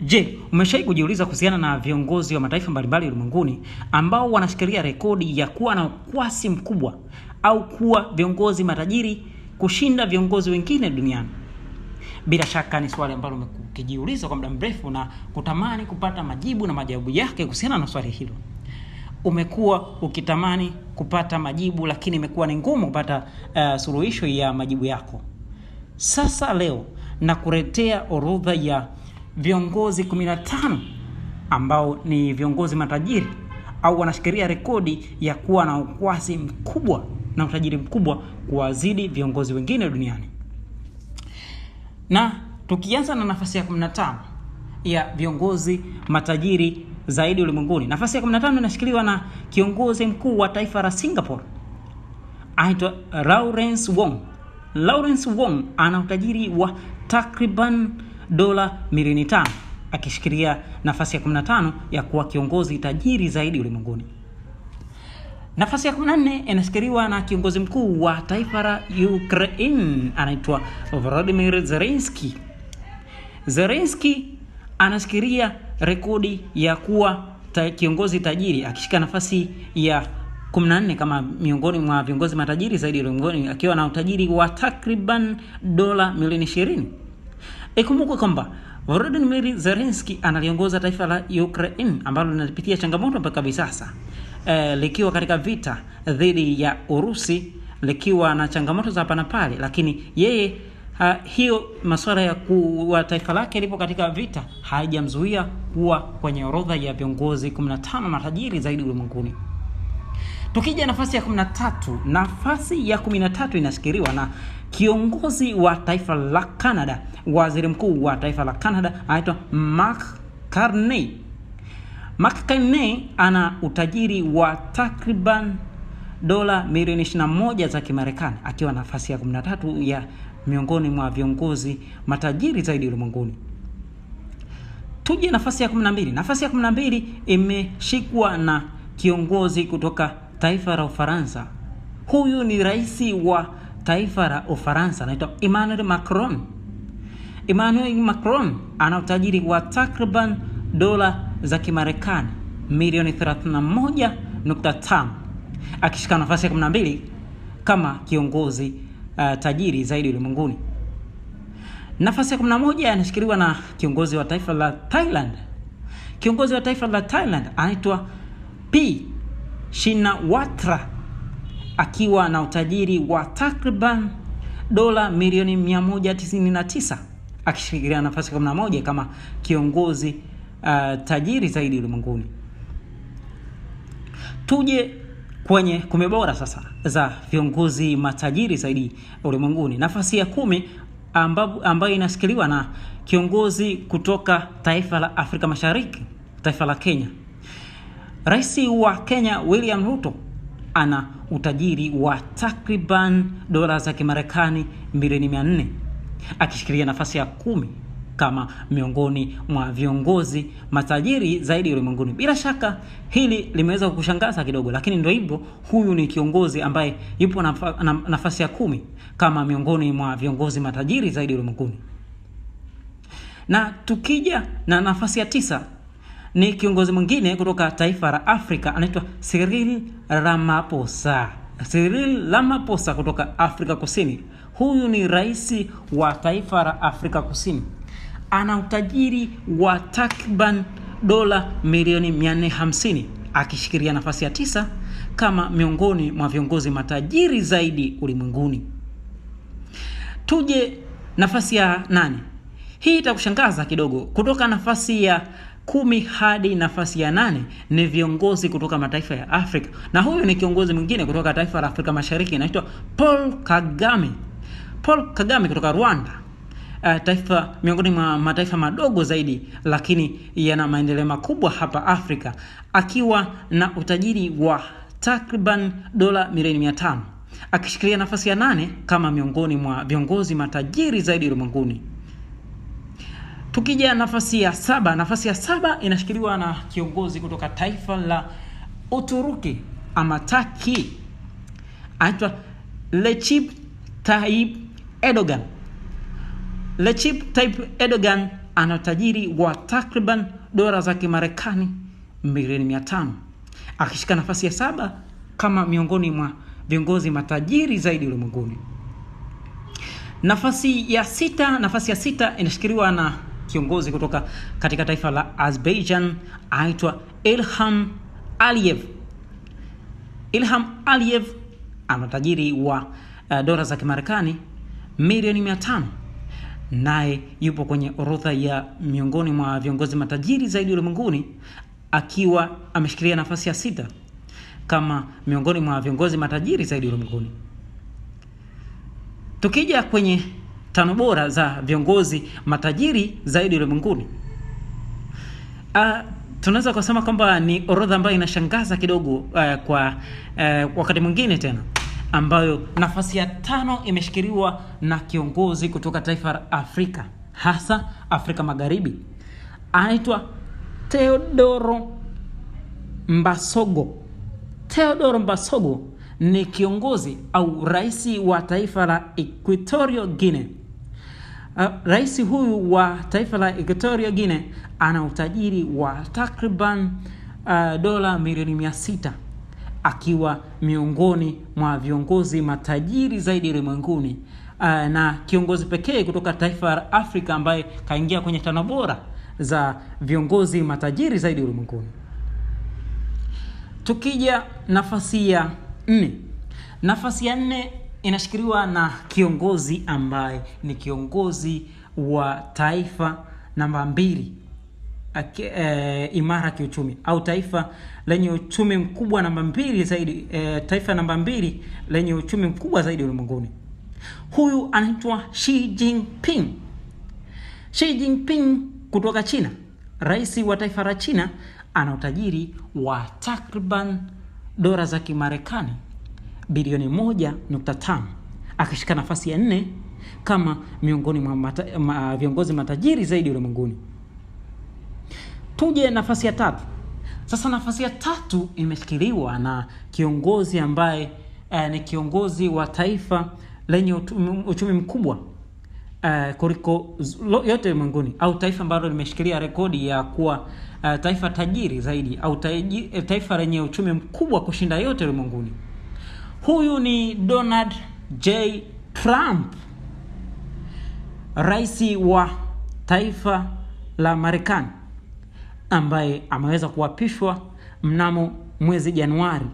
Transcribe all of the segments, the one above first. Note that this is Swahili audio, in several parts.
Je, umeshawahi kujiuliza kuhusiana na viongozi wa mataifa mbalimbali ulimwenguni ambao wanashikilia rekodi ya kuwa na ukwasi mkubwa au kuwa viongozi matajiri kushinda viongozi wengine duniani? Bila shaka ni swali ambalo umekijiuliza kwa muda mrefu na kutamani kupata majibu na majawabu yake kuhusiana na swali hilo. Umekuwa ukitamani kupata majibu, lakini imekuwa ni ngumu kupata uh, suluhisho ya majibu yako. Sasa leo nakuletea orodha ya viongozi 15 ambao ni viongozi matajiri au wanashikilia rekodi ya kuwa na ukwasi mkubwa na utajiri mkubwa kuwazidi viongozi wengine duniani. Na tukianza na nafasi ya 15 ya viongozi matajiri zaidi ulimwenguni, nafasi ya 15 inashikiliwa na kiongozi mkuu wa taifa la Singapore aitwa Lawrence Wong. Lawrence Wong ana utajiri wa takriban dola milioni tano akishikilia nafasi ya 15 ya kuwa kiongozi tajiri zaidi ulimwenguni. Nafasi ya 14 inashikiliwa na kiongozi mkuu wa taifa la Ukraine anaitwa Volodymyr Zelensky. Zelensky anashikilia rekodi ya kuwa ta kiongozi tajiri akishika nafasi ya 14 kama miongoni mwa viongozi matajiri zaidi ulimwenguni akiwa na utajiri wa takriban dola milioni 20. Ikumbukwe kwamba Volodymyr Zelensky analiongoza taifa la Ukraine ambalo linapitia changamoto mpaka hivi sasa e, likiwa katika vita dhidi ya Urusi likiwa na changamoto za hapa pale, lakini yeye ha, hiyo masuala ya kuwa taifa lake lipo katika vita haijamzuia kuwa kwenye orodha ya viongozi 15 matajiri zaidi ulimwenguni. Tukija nafasi ya 13, nafasi ya 13 inashikiliwa na kiongozi wa taifa la Canada, waziri mkuu wa taifa la Canada anaitwa Mark Carney. Mark Carney ana utajiri wa takriban dola milioni 21 za Kimarekani akiwa nafasi ya 13 ya miongoni mwa viongozi matajiri zaidi ulimwenguni. Tuje nafasi ya 12. Nafasi ya 12 imeshikwa na kiongozi kutoka taifa la Ufaransa. Huyu ni rais wa taifa la Ufaransa, anaitwa Emmanuel Macron. Emmanuel Macron ana utajiri wa takriban dola za Kimarekani milioni 31.5 akishika nafasi ya 12 kama kiongozi uh, tajiri zaidi ulimwenguni. Nafasi ya 11 anashikiliwa na kiongozi wa taifa la Thailand. Kiongozi wa taifa la Thailand anaitwa P shina watra akiwa na utajiri wa takriban dola milioni 199 akishikilia nafasi 11 kama kiongozi uh, tajiri zaidi ulimwenguni. Tuje kwenye kumi bora sasa za viongozi matajiri zaidi ulimwenguni. Nafasi ya kumi ambayo amba inashikiliwa na kiongozi kutoka taifa la Afrika Mashariki, taifa la Kenya. Rais wa Kenya William Ruto ana utajiri wa takriban dola za Kimarekani milioni 400 akishikilia nafasi ya kumi kama miongoni mwa viongozi matajiri zaidi ulimwenguni. Bila shaka hili limeweza kukushangaza kidogo, lakini ndio hivyo. Huyu ni kiongozi ambaye yupo nafa, nafasi ya kumi kama miongoni mwa viongozi matajiri zaidi ulimwenguni. Na tukija na nafasi ya tisa ni kiongozi mwingine kutoka taifa la Afrika anaitwa Cyril Ramaphosa. Cyril Ramaphosa kutoka Afrika Kusini. Huyu ni rais wa taifa la Afrika Kusini, ana utajiri wa takriban dola milioni 450 akishikilia nafasi ya tisa kama miongoni mwa viongozi matajiri zaidi ulimwenguni. Tuje nafasi ya nane. Hii itakushangaza kidogo, kutoka nafasi ya kumi hadi nafasi ya nane ni viongozi kutoka mataifa ya Afrika, na huyu ni kiongozi mwingine kutoka taifa la Afrika Mashariki, inaitwa Paul Kagame. Paul Kagame kutoka Rwanda. Uh, taifa miongoni mwa mataifa madogo zaidi lakini yana maendeleo makubwa hapa Afrika, akiwa na utajiri wa takriban dola milioni mia tano akishikilia nafasi ya nane kama miongoni mwa viongozi matajiri zaidi ulimwenguni. Tukija nafasi ya saba, nafasi ya saba inashikiliwa na kiongozi kutoka taifa la Uturuki amataki anaitwa Recep Tayyip Erdogan. Recep Tayyip Erdogan ana tajiri wa takriban dola za Kimarekani milioni mia tano akishika nafasi ya saba kama miongoni mwa viongozi matajiri zaidi ulimwenguni. Nafasi ya sita, nafasi ya sita inashikiliwa na kiongozi kutoka katika taifa la Azerbaijan aitwa Ilham Aliyev. Ilham Aliyev ana tajiri wa uh, dola za Kimarekani milioni 500 naye yupo kwenye orodha ya miongoni mwa viongozi matajiri zaidi ulimwenguni akiwa ameshikilia nafasi ya sita kama miongoni mwa viongozi matajiri zaidi ulimwenguni. Tukija kwenye tano bora za viongozi matajiri zaidi ulimwenguni. Uh, tunaweza kusema kwamba ni orodha ambayo inashangaza kidogo uh, kwa uh, wakati mwingine tena ambayo nafasi ya tano imeshikiliwa na kiongozi kutoka taifa la Afrika hasa Afrika Magharibi, anaitwa Teodoro Mbasogo. Teodoro Mbasogo ni kiongozi au rais wa taifa la Equatorial Guinea. Uh, rais huyu wa taifa la Equatorial Guinea ana utajiri wa takriban uh, dola milioni mia sita akiwa miongoni mwa viongozi matajiri zaidi ulimwenguni uh, na kiongozi pekee kutoka taifa la Afrika ambaye kaingia kwenye tano bora za viongozi matajiri zaidi ulimwenguni. Tukija nafasi ya nne, nafasi ya nne inashikiliwa na kiongozi ambaye ni kiongozi wa taifa namba mbili e, imara kiuchumi au taifa lenye uchumi mkubwa namba mbili zaidi e, taifa namba mbili lenye uchumi mkubwa zaidi ulimwenguni. Huyu anaitwa Xi Jinping. Xi Jinping kutoka China, rais wa taifa la China, ana utajiri wa takriban dola za Kimarekani bilioni 1.5 akashika nafasi ya nne kama miongoni mwa mata, ma, viongozi matajiri zaidi ulimwenguni. Tuje nafasi ya tatu. Sasa nafasi ya tatu imeshikiliwa na kiongozi ambaye eh, ni kiongozi wa taifa lenye uchumi mkubwa eh, kuliko yote ulimwenguni au taifa ambalo limeshikilia rekodi ya kuwa eh, taifa tajiri zaidi au eh, taifa lenye uchumi mkubwa kushinda yote ulimwenguni. Huyu ni Donald J. Trump, rais wa taifa la Marekani ambaye ameweza kuapishwa mnamo mwezi Januari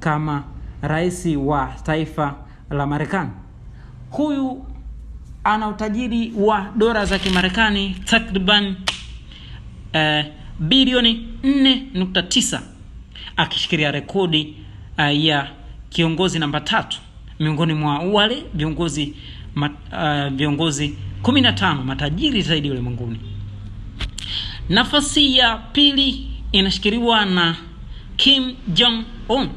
kama rais wa taifa la Marekani. Huyu ana utajiri wa dola za Kimarekani takriban eh, bilioni 4.9 akishikilia rekodi eh, ya kiongozi namba tatu miongoni mwa wale viongozi mat, uh, viongozi 15 matajiri zaidi ulimwenguni. Nafasi ya pili inashikiliwa na Kim Jong Un.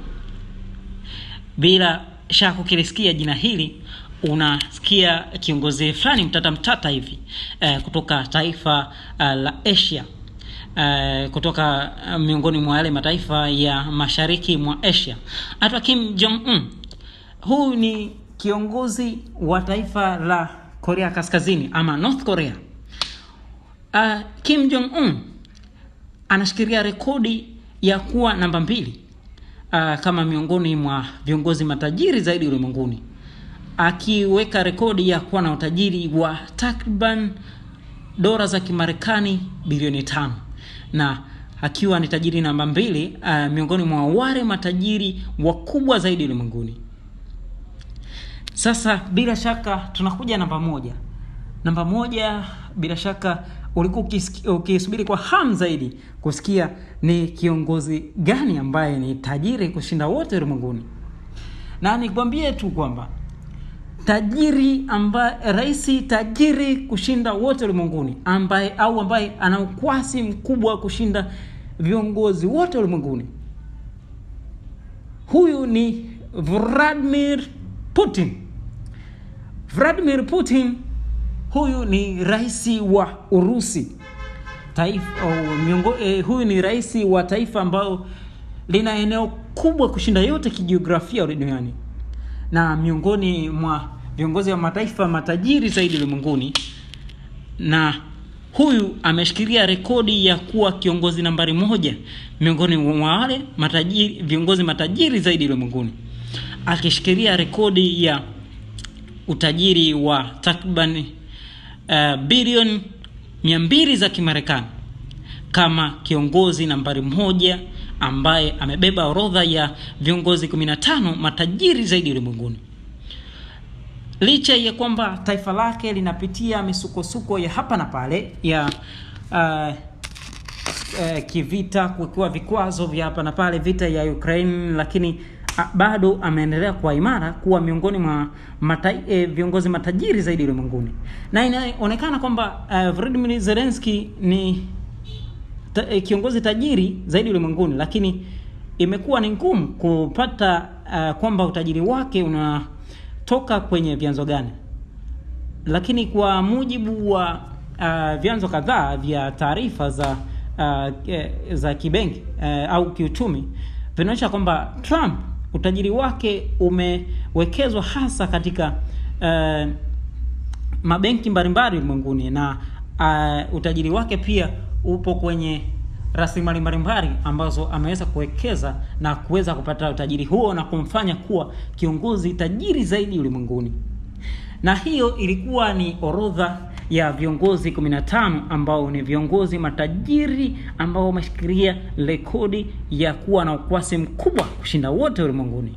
Bila shaka ukilisikia jina hili unasikia kiongozi fulani mtata mtata hivi eh, kutoka taifa uh, la Asia uh, kutoka eh, miongoni mwa yale mataifa ya mashariki mwa Asia. Atwa Kim Jong Un, huyu ni kiongozi wa taifa la Korea Kaskazini ama North Korea. Uh, Kim Jong Un anashikilia rekodi ya kuwa namba mbili uh, kama miongoni mwa viongozi matajiri zaidi ulimwenguni akiweka rekodi ya kuwa na utajiri wa takriban dola za Kimarekani bilioni tano na akiwa ni tajiri namba mbili uh, miongoni mwa wale matajiri wakubwa zaidi ulimwenguni. Sasa bila shaka tunakuja namba moja. Namba moja bila shaka ulikuwa ukisubiri kwa hamu zaidi kusikia ni kiongozi gani ambaye ni tajiri kushinda wote ulimwenguni, na nikwambie tu kwamba tajiri ambaye rais tajiri kushinda wote ulimwenguni ambaye au ambaye ana ukwasi mkubwa kushinda viongozi wote ulimwenguni huyu ni vladimir putin vladimir putin huyu ni rais wa urusi taifa, oh, eh, huyu ni rais wa taifa ambayo lina eneo kubwa kushinda yote kijiografia duniani na miongoni mwa viongozi wa mataifa matajiri zaidi ulimwenguni na huyu ameshikilia rekodi ya kuwa kiongozi nambari moja miongoni mwa wale matajiri, viongozi matajiri zaidi ulimwenguni akishikilia rekodi ya utajiri wa takriban uh, bilioni mia mbili za kimarekani kama kiongozi nambari moja ambaye amebeba orodha ya viongozi 15 matajiri zaidi ulimwenguni licha ya kwamba taifa lake linapitia misukosuko ya hapa na pale ya uh, uh, kivita, kukiwa vikwazo vya hapa na pale, vita ya Ukraine, lakini uh, bado ameendelea kwa imara, kuwa miongoni mwa mata, uh, viongozi matajiri zaidi ulimwenguni, na inaonekana kwamba uh, vladimir Zelensky ni ta, uh, kiongozi tajiri zaidi ulimwenguni, lakini imekuwa ni ngumu kupata uh, kwamba utajiri wake una toka kwenye vyanzo gani? Lakini kwa mujibu wa uh, vyanzo kadhaa vya taarifa za uh, eh, za kibenki uh, au kiuchumi vinaonyesha kwamba Trump utajiri wake umewekezwa hasa katika uh, mabenki mbalimbali ulimwenguni na uh, utajiri wake pia upo kwenye rasilimali mbalimbali ambazo ameweza kuwekeza na kuweza kupata utajiri huo na kumfanya kuwa kiongozi tajiri zaidi ulimwenguni. Na hiyo ilikuwa ni orodha ya viongozi 15 ambao ni viongozi matajiri ambao wameshikilia rekodi ya kuwa na ukwasi mkubwa kushinda wote ulimwenguni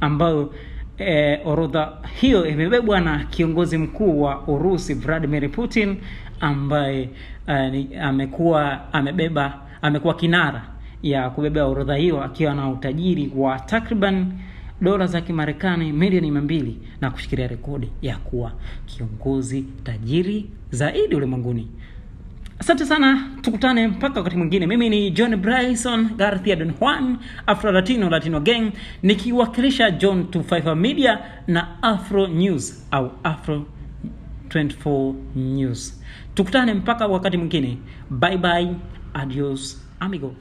ambayo e, orodha hiyo imebebwa na kiongozi mkuu wa Urusi Vladimir Putin ambaye uh, amekuwa amebeba amekuwa kinara ya kubebea orodha hiyo akiwa na utajiri wa takriban dola za Kimarekani milioni mia mbili na kushikilia rekodi ya kuwa kiongozi tajiri zaidi ulimwenguni. Asante sana, tukutane mpaka wakati mwingine. Mimi ni John Bryson Garthia Don Juan, Afro Latino Latino Gang, nikiwakilisha John 25 Media na Afro News au Afro 24 News. Tukutane mpaka wakati mwingine. Bye bye, adios amigo.